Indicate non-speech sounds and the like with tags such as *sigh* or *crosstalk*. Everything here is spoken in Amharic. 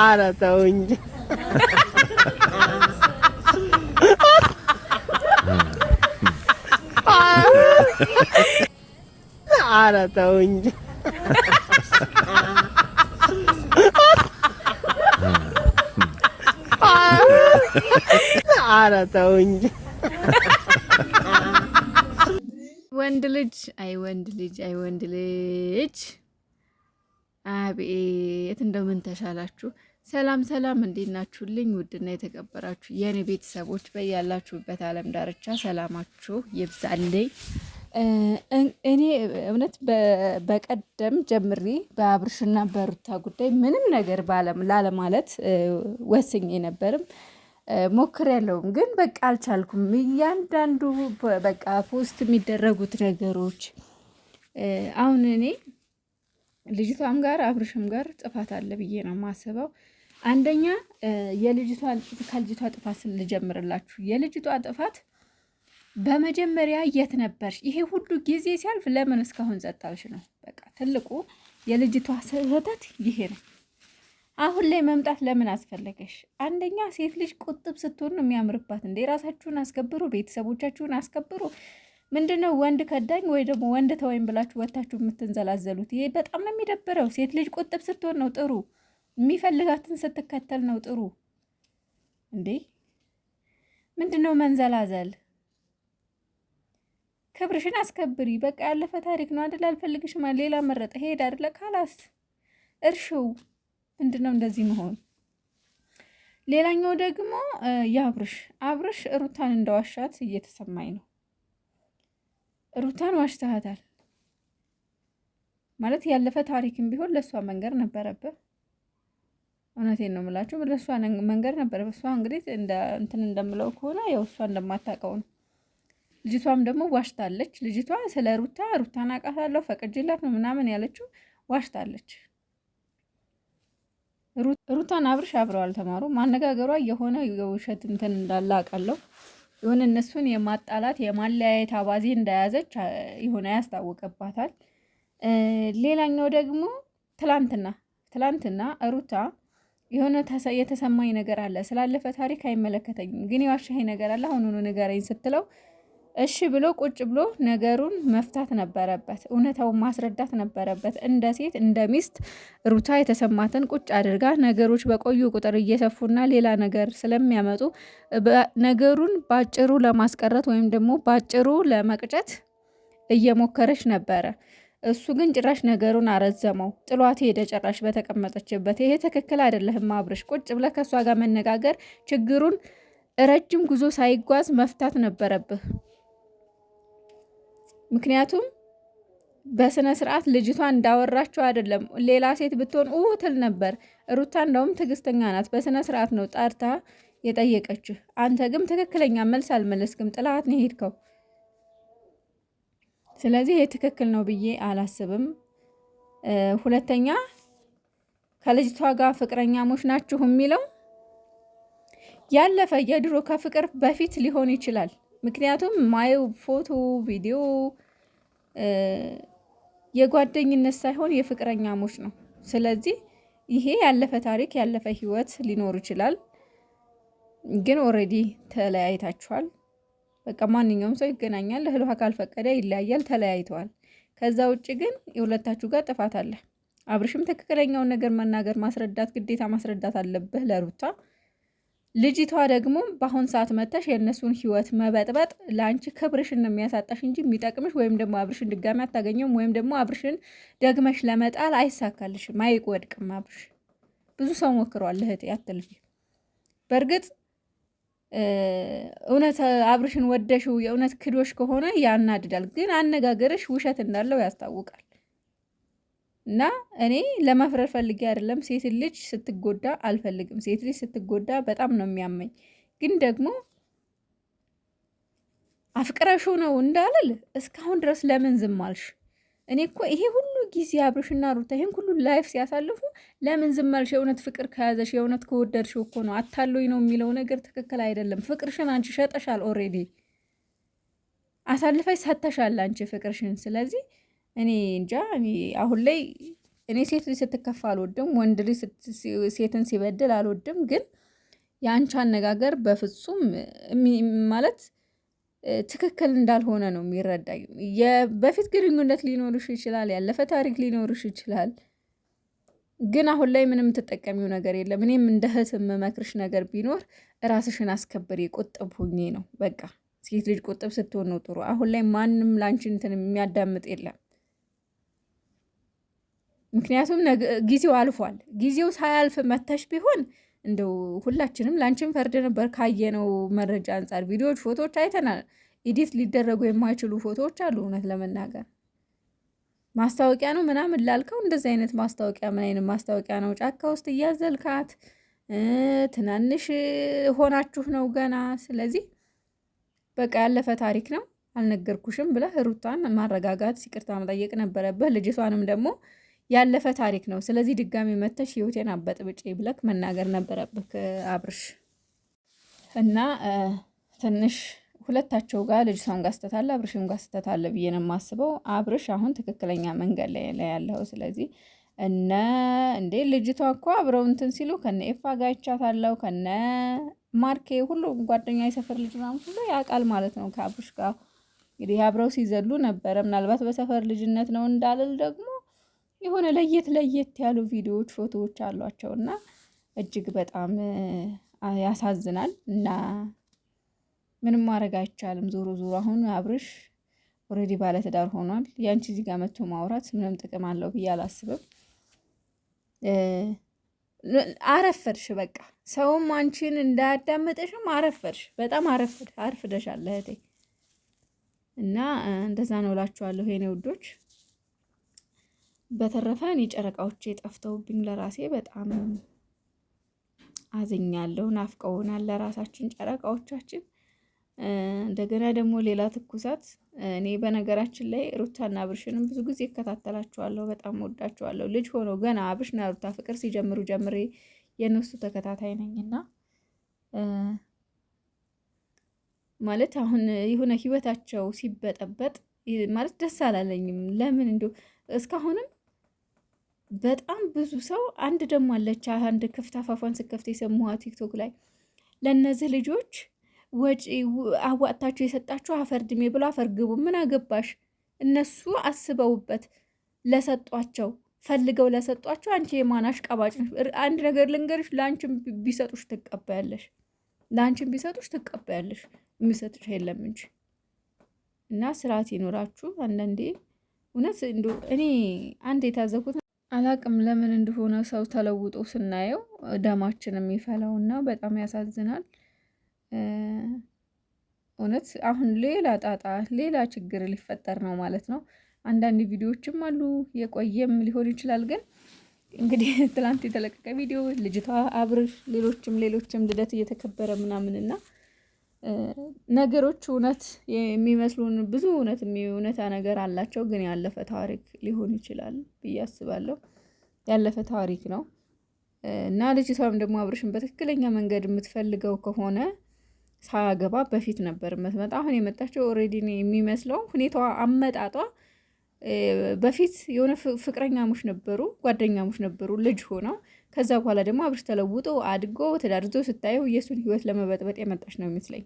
ኧረ ተው እንጂ ኧረ ተው እንጂ ኧረ ተው እንጂ። ወንድ ልጅ አይ ወንድ ልጅ አይ ወንድ ልጅ አቤት እንደምን ተሻላችሁ? ሰላም ሰላም፣ እንዴት ናችሁልኝ? ውድና የተከበራችሁ የእኔ ቤተሰቦች በያላችሁበት ዓለም ዳርቻ ሰላማችሁ ይብዛልኝ። እኔ እውነት በቀደም ጀምሬ በአብርሽና በሩታ ጉዳይ ምንም ነገር ላለማለት ወስኜ ነበርም ያለውም ግን በቃ አልቻልኩም። እያንዳንዱ በቃ ፖስት የሚደረጉት ነገሮች አሁን እኔ ልጅቷም ጋር አብርሽም ጋር ጥፋት አለ ብዬ ነው ማስበው። አንደኛ የልጅቷ ከልጅቷ ጥፋት ልጀምርላችሁ። የልጅቷ ጥፋት በመጀመሪያ የት ነበርሽ? ይሄ ሁሉ ጊዜ ሲያልፍ ለምን እስካሁን ጸጥታልሽ ነው። በቃ ትልቁ የልጅቷ ስህተት ይሄ ነው። አሁን ላይ መምጣት ለምን አስፈለገሽ? አንደኛ ሴት ልጅ ቁጥብ ስትሆን ነው የሚያምርባት። እንዴ ራሳችሁን አስከብሩ፣ ቤተሰቦቻችሁን አስከብሩ። ምንድነው ወንድ ከዳኝ ወይ ደግሞ ወንድ ተወይም ብላችሁ ወታችሁ የምትንዘላዘሉት? ይሄ በጣም ነው የሚደብረው። ሴት ልጅ ቁጥብ ስትሆን ነው ጥሩ የሚፈልጋትን ስትከተል ነው ጥሩ። እንዴ ምንድን ነው መንዘላዘል? ክብርሽን አስከብሪ። በቃ ያለፈ ታሪክ ነው አደል? አልፈልግሽም አለ ሌላ መረጠ ሄድ አደለ? ካላስ እርሽው ምንድን ነው እንደዚህ መሆን? ሌላኛው ደግሞ የአብርሽ አብርሽ ሩታን እንደዋሻት እየተሰማኝ ነው። ሩታን ዋሽተሃታል ማለት ያለፈ ታሪክም ቢሆን ለእሷ መንገር ነበረብህ። እውነቴን ነው የምላችሁ። ለእሷ መንገድ ነበር። እሷ እንግዲህ እንትን እንደምለው ከሆነ ያው እሷ እንደማታውቀው ነው። ልጅቷም ደግሞ ዋሽታለች። ልጅቷ ስለ ሩታ ሩታን አውቃታለሁ ፈቅጅላት ነው ምናምን ያለችው ዋሽታለች። ሩታን አብርሽ አብረው አልተማሩ። ማነጋገሯ የሆነ የውሸት እንትን እንዳለ አውቃለሁ። የሆነ እነሱን የማጣላት የማለያየት አባዜ እንደያዘች የሆነ ያስታወቀባታል። ሌላኛው ደግሞ ትላንትና ትላንትና ሩታ የሆነ የተሰማኝ ነገር አለ። ስላለፈ ታሪክ አይመለከተኝም፣ ግን የዋሻኝ ነገር አለ፣ አሁኑኑ ንገረኝ ስትለው እሺ ብሎ ቁጭ ብሎ ነገሩን መፍታት ነበረበት። እውነታውን ማስረዳት ነበረበት። እንደ ሴት እንደ ሚስት ሩታ የተሰማትን ቁጭ አድርጋ ነገሮች በቆዩ ቁጥር እየሰፉና ሌላ ነገር ስለሚያመጡ ነገሩን ባጭሩ ለማስቀረት ወይም ደግሞ ባጭሩ ለመቅጨት እየሞከረች ነበረ። እሱ ግን ጭራሽ ነገሩን አረዘመው፣ ጥሏት ሄደ ጭራሽ በተቀመጠችበት። ይሄ ትክክል አይደለህም አብርሽ። ቁጭ ብለህ ከእሷ ጋር መነጋገር፣ ችግሩን ረጅም ጉዞ ሳይጓዝ መፍታት ነበረብህ። ምክንያቱም በስነ ስርዓት ልጅቷ እንዳወራችው አይደለም። ሌላ ሴት ብትሆን ትል ነበር። ሩታ እንደውም ትዕግስተኛ ናት። በስነ ስርዓት ነው ጠርታ የጠየቀችህ። አንተ ግን ትክክለኛ መልስ አልመለስክም፣ ጥላት ነው የሄድከው። ስለዚህ ይህ ትክክል ነው ብዬ አላስብም። ሁለተኛ ከልጅቷ ጋር ፍቅረኛሞች ናችሁ የሚለው ያለፈ የድሮ ከፍቅር በፊት ሊሆን ይችላል። ምክንያቱም ማየው ፎቶ፣ ቪዲዮ የጓደኝነት ሳይሆን የፍቅረኛሞች ነው። ስለዚህ ይሄ ያለፈ ታሪክ ያለፈ ህይወት ሊኖር ይችላል። ግን ኦልሬዲ ተለያይታችኋል። በቃ ማንኛውም ሰው ይገናኛል። እህል ውሃ ካልፈቀደ ይለያያል፣ ተለያይተዋል። ከዛ ውጭ ግን የሁለታችሁ ጋር ጥፋት አለ። አብርሽም ትክክለኛውን ነገር መናገር ማስረዳት ግዴታ ማስረዳት አለብህ ለሩታ። ልጅቷ ደግሞ በአሁን ሰዓት መተሽ የእነሱን ህይወት መበጥበጥ ለአንቺ ክብርሽን ነው የሚያሳጣሽ እንጂ የሚጠቅምሽ ወይም ደግሞ አብርሽን ድጋሚ አታገኘውም። ወይም ደግሞ አብርሽን ደግመሽ ለመጣል አይሳካልሽም፣ አይወድቅም። አብርሽ ብዙ ሰው ሞክሯል። እህቴ አትልፊ። በእርግጥ እውነት አብርሽን ወደሽው የእውነት ክዶሽ ከሆነ ያናድዳል፣ ግን አነጋገርሽ ውሸት እንዳለው ያስታውቃል። እና እኔ ለመፍረድ ፈልጌ አይደለም። ሴት ልጅ ስትጎዳ አልፈልግም። ሴት ልጅ ስትጎዳ በጣም ነው የሚያመኝ። ግን ደግሞ አፍቅረሹ ነው እንዳልል እስካሁን ድረስ ለምን ዝም አልሽ? እኔ እኮ ይሄ ሁሉ ጊዜ አብርሽና ሩታ ይህን ሁሉ ላይፍ ሲያሳልፉ ለምን ዝም አልሽ? የእውነት ፍቅር ከያዘሽ የእውነት ከወደድሽ እኮ ነው። አታሎኝ ነው የሚለው ነገር ትክክል አይደለም። ፍቅርሽን አንቺ ሸጠሻል። ኦሬዲ አሳልፈሽ ሰተሻል አንቺ ፍቅርሽን። ስለዚህ እኔ እንጃ አሁን ላይ እኔ ሴት ልጅ ስትከፋ አልወድም፣ ወንድ ልጅ ሴትን ሲበድል አልወድም። ግን የአንቺ አነጋገር በፍጹም ማለት ትክክል እንዳልሆነ ነው የሚረዳኝ። በፊት ግንኙነት ሊኖርሽ ይችላል፣ ያለፈ ታሪክ ሊኖርሽ ይችላል። ግን አሁን ላይ ምንም የምትጠቀሚው ነገር የለም። እኔም እንደ እህት የምመክርሽ ነገር ቢኖር ራስሽን አስከብሪ፣ ቁጥብ ሁኜ ነው በቃ። ሴት ልጅ ቁጥብ ስትሆን ነው ጥሩ። አሁን ላይ ማንም ላንቺ እንትን የሚያዳምጥ የለም። ምክንያቱም ጊዜው አልፏል። ጊዜው ሳያልፍ መተሽ ቢሆን እንደው ሁላችንም ላንቺን ፈርድ ነበር ካየነው መረጃ አንጻር ቪዲዮዎች፣ ፎቶዎች አይተናል። ኢዲት ሊደረጉ የማይችሉ ፎቶዎች አሉ። እውነት ለመናገር ማስታወቂያ ነው ምናምን ላልከው እንደዚህ አይነት ማስታወቂያ ምን አይነት ማስታወቂያ ነው? ጫካ ውስጥ እያዘልካት ትናንሽ ሆናችሁ ነው ገና። ስለዚህ በቃ ያለፈ ታሪክ ነው አልነገርኩሽም ብለህ ሩታን ማረጋጋት ይቅርታ መጠየቅ ነበረብህ። ልጅቷንም ደግሞ ያለፈ ታሪክ ነው። ስለዚህ ድጋሚ መተሽ ህይወቴን አበጥብጭ ብለክ መናገር ነበረብክ አብርሽ እና ትንሽ ሁለታቸው ጋር ልጅቷን ጋር ስተታለ አብርሽን ጋር ስተታለ ብዬ ነው የማስበው። አብርሽ አሁን ትክክለኛ መንገድ ላይ ያለው ስለዚህ እነ እንዴ ልጅቷ እኮ አብረው እንትን ሲሉ ከነ ኤፋ ጋር ይቻታለው ከነ ማርኬ ሁሉ ጓደኛ የሰፈር ልጅ ምናምን ሁሉ ያውቃል ማለት ነው ከአብርሽ ጋር እንግዲህ አብረው ሲዘሉ ነበረ። ምናልባት በሰፈር ልጅነት ነው እንዳልል ደግሞ የሆነ ለየት ለየት ያሉ ቪዲዮዎች፣ ፎቶዎች አሏቸው እና እጅግ በጣም ያሳዝናል እና ምንም ማድረግ አይቻልም። ዞሮ ዞሮ አሁን አብርሽ ኦልሬዲ ባለትዳር ሆኗል። ያንቺ እዚህ ጋር መጥቶ ማውራት ምንም ጥቅም አለው ብዬ አላስብም። አረፈድሽ፣ በቃ ሰውም አንቺን እንዳያዳመጠሽም አረፈድሽ። በጣም አረፍድ አርፍደሻል እህቴ እና እንደዛ ነው እላችኋለሁ የኔ ውዶች። በተረፈ እኔ ጨረቃዎች የጠፍተውብኝ ለራሴ በጣም አዝኛለሁ። ናፍቀውናል ለራሳችን ጨረቃዎቻችን። እንደገና ደግሞ ሌላ ትኩሳት። እኔ በነገራችን ላይ ሩታና አብርሽንም ብዙ ጊዜ እከታተላቸዋለሁ፣ በጣም ወዳቸዋለሁ። ልጅ ሆኖ ገና አብርሽና ሩታ ፍቅር ሲጀምሩ ጀምሬ የእነሱ ተከታታይ ነኝና ማለት አሁን የሆነ ህይወታቸው ሲበጠበጥ ማለት ደስ አላለኝም። ለምን እንዲሁ እስካሁንም በጣም ብዙ ሰው አንድ ደግሞ አለች አንድ ክፍት አፋፏን ስከፍት የሰማኋ ቲክቶክ ላይ ለእነዚህ ልጆች ወጪ አዋጥታችሁ የሰጣችሁ አፈር ድሜ ብሎ አፈር ግቡ። ምን አገባሽ? እነሱ አስበውበት ለሰጧቸው ፈልገው ለሰጧቸው። አንቺ የማናሽ ቀባጭ ነሽ። አንድ ነገር ልንገርሽ፣ ለአንቺም ቢሰጡሽ ትቀበያለሽ። ለአንቺም ቢሰጡሽ ትቀበያለሽ። የሚሰጡሽ የለም እንጂ እና ስርዓት ይኖራችሁ። አንዳንዴ እውነት እኔ አንድ የታዘብኩት አላቅም ለምን እንደሆነ ሰው ተለውጦ ስናየው ደማችን እና በጣም ያሳዝናል። እውነት አሁን ሌላ ጣጣ ሌላ ችግር ሊፈጠር ነው ማለት ነው። አንዳንድ ቪዲዮዎችም አሉ የቆየም ሊሆን ይችላል። ግን እንግዲህ *laughs* ትላንት የተለቀቀ ቪዲዮ ልጅቷ አብርሽ፣ ሌሎችም ሌሎችም ልደት እየተከበረ ምናምን እና ነገሮች እውነት የሚመስሉን ብዙ እውነት እውነታ ነገር አላቸው፣ ግን ያለፈ ታሪክ ሊሆን ይችላል ብዬ አስባለሁ። ያለፈ ታሪክ ነው እና ልጅቷም ደግሞ አብርሽን በትክክለኛ መንገድ የምትፈልገው ከሆነ ሳያገባ በፊት ነበር የምትመጣ። አሁን የመጣቸው ኦልሬዲ የሚመስለው ሁኔታዋ አመጣጧ በፊት የሆነ ፍቅረኛሞች ነበሩ፣ ጓደኛሞች ነበሩ ልጅ ሆነው ከዛ በኋላ ደግሞ አብርሽ ተለውጦ አድጎ ተዳርዞ ስታየው የእሱን ህይወት ለመበጥበጥ የመጣች ነው ይመስለኝ።